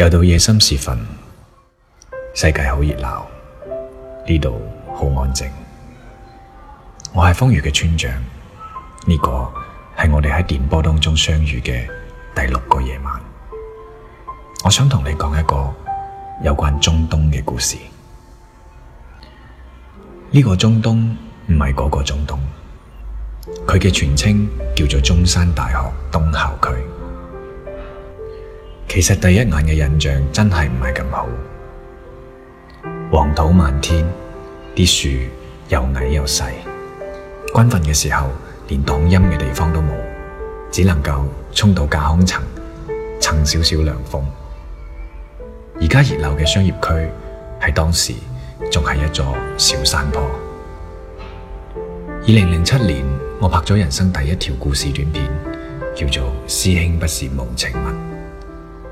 又到夜深時分，世界好熱鬧，呢度好安靜。我係瘋粵嘅村長，呢個係我哋喺電波當中相遇嘅第六個夜晚。我想同你講一個有關中東嘅故事。呢個中東唔係嗰個中東，佢嘅全稱叫做中山大學東校區。其實第一眼嘅印象真係唔係咁好，黃土漫天，啲樹又矮又細。軍訓嘅時候連擋陰嘅地方都冇，只能夠衝到架空層蹭少少涼風。而家熱鬧嘅商業區喺當時仲係一座小山坡。二零零七年，我拍咗人生第一條故事短片，叫做《師兄不是無情物》。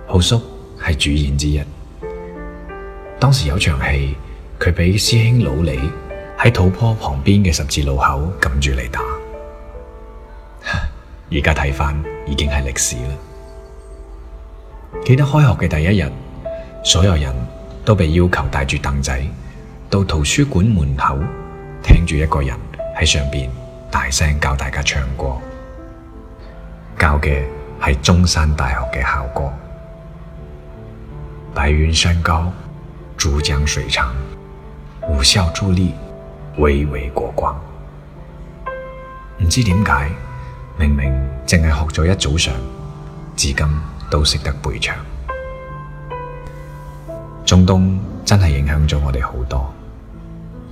耗叔係主演之一，當時有場戲，佢俾師兄老李喺土坡旁邊嘅十字路口撳住嚟打。而家睇翻已經係歷史啦。記得開學嘅第一日，所有人都被要求帶住凳仔到圖書館門口，聽住一個人喺上邊大聲教大家唱歌，教嘅係中山大學嘅校歌。白雲山高，珠江水長，吾校矗立，蔚為國光。唔知點解，明明淨係學咗一早上，至今都識得背唱。中東真係影響咗我哋好多，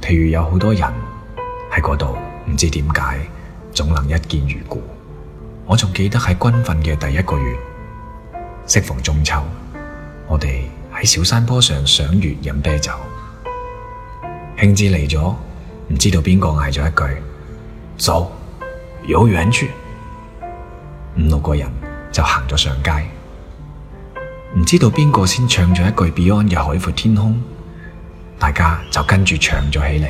譬如有好多人喺嗰度，唔知點解總能一見如故。我仲記得喺軍訓嘅第一個月，適逢中秋。我哋喺小山坡上賞月飲啤酒，興致嚟咗，唔知道邊個嗌咗一句，走，遊園去，五六個人就行咗上街，唔知道邊個先唱咗一句 Beyond 嘅《海闊天空》，大家就跟住唱咗起嚟，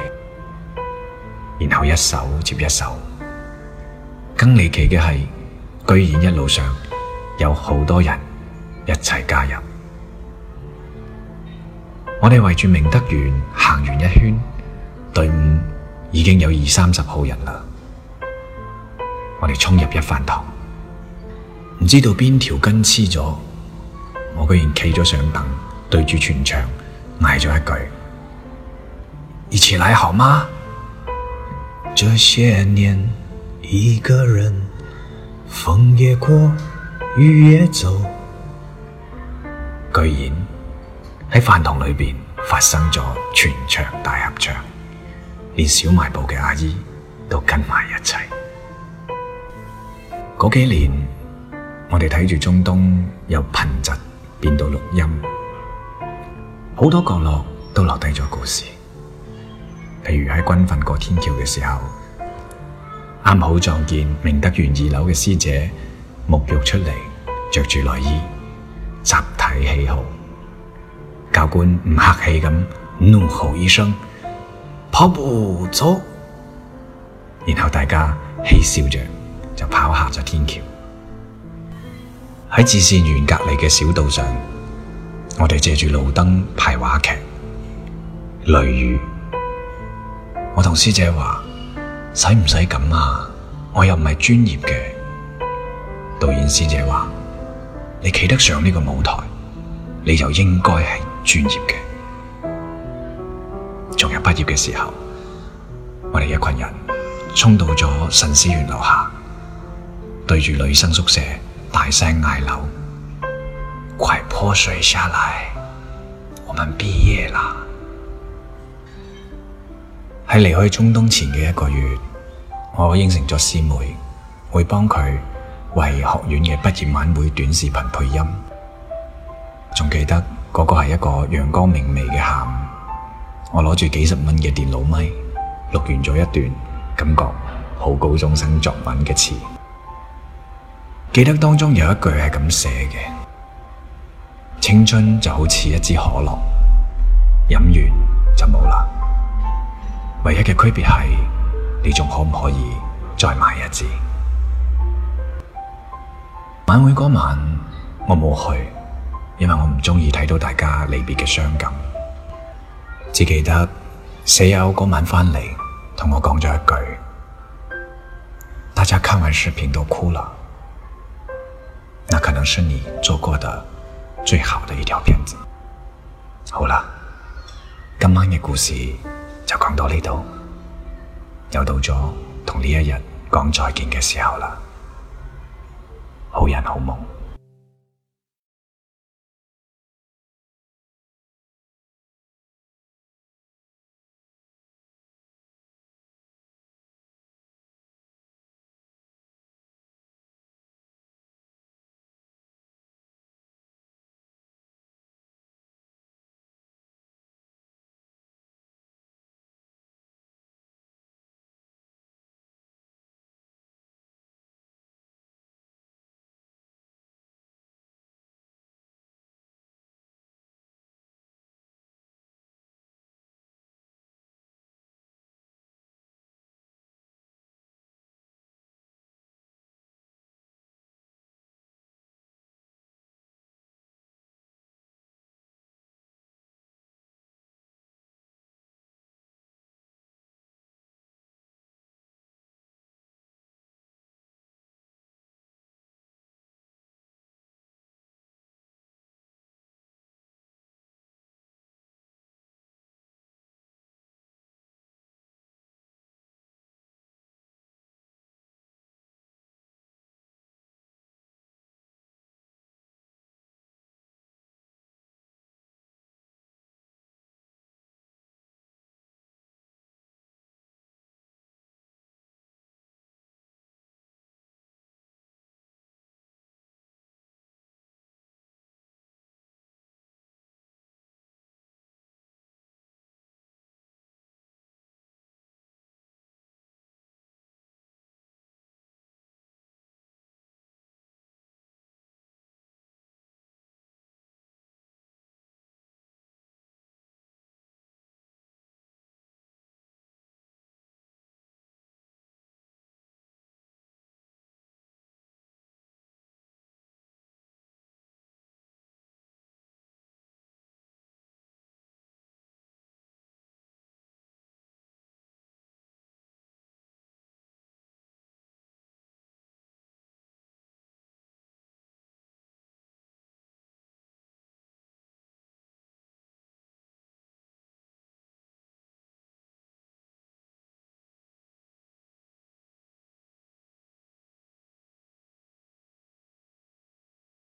然後一首接一首，更離奇嘅係，居然一路上有好多人一齊加入。我哋圍住明德園行完一圈，隊伍已經有二三十號人啦。我哋衝入一飯堂，唔知道邊條筋黐咗，我居然企咗上凳，對住全場嗌咗一句：「一起來好嗎？這些年一個人，風也過，雨也走，居然……」喺飯堂裏邊發生咗全場大合唱，連小賣部嘅阿姨都跟埋一齊。嗰幾年，我哋睇住中東由貧瘠變到綠蔭，好多角落都留低咗故事。譬如喺軍訓過天橋嘅時候，啱好撞見明德園二樓嘅師姐沐浴出嚟，着住內衣，集體起號。教官唔客氣咁怒吼一聲：跑步走！然後大家嬉笑着就跑下咗天橋。喺至善園隔離嘅小道上，我哋借住路燈排話劇《雷雨》。我同師姐話：使唔使咁啊？我又唔係專業嘅導演。師姐話：你企得上呢個舞台，你就應該係。專業嘅，仲有畢業嘅時候，我哋一群人衝到咗神思園樓下，對住女生宿舍大聲嗌樓，快潑水下來！我們畢業啦！喺離開中東前嘅一個月，我應承咗師妹，會幫佢為學院嘅畢業晚會短視頻配音，仲記得。嗰個係一個陽光明媚嘅下午，我攞住幾十蚊嘅電腦咪錄完咗一段，感覺好高中生作文嘅詞。記得當中有一句係咁寫嘅：青春就好似一支可樂，飲完就冇啦。唯一嘅區別係，你仲可唔可以再買一支？晚會嗰晚我冇去。因為我唔中意睇到大家離別嘅傷感，只記得舍友嗰晚翻嚟同我講咗一句：大家看完視頻都哭了，那可能是你做過的最好的一條片子。好啦，今晚嘅故事就講到呢度，又到咗同呢一日講再見嘅時候啦，好人好夢。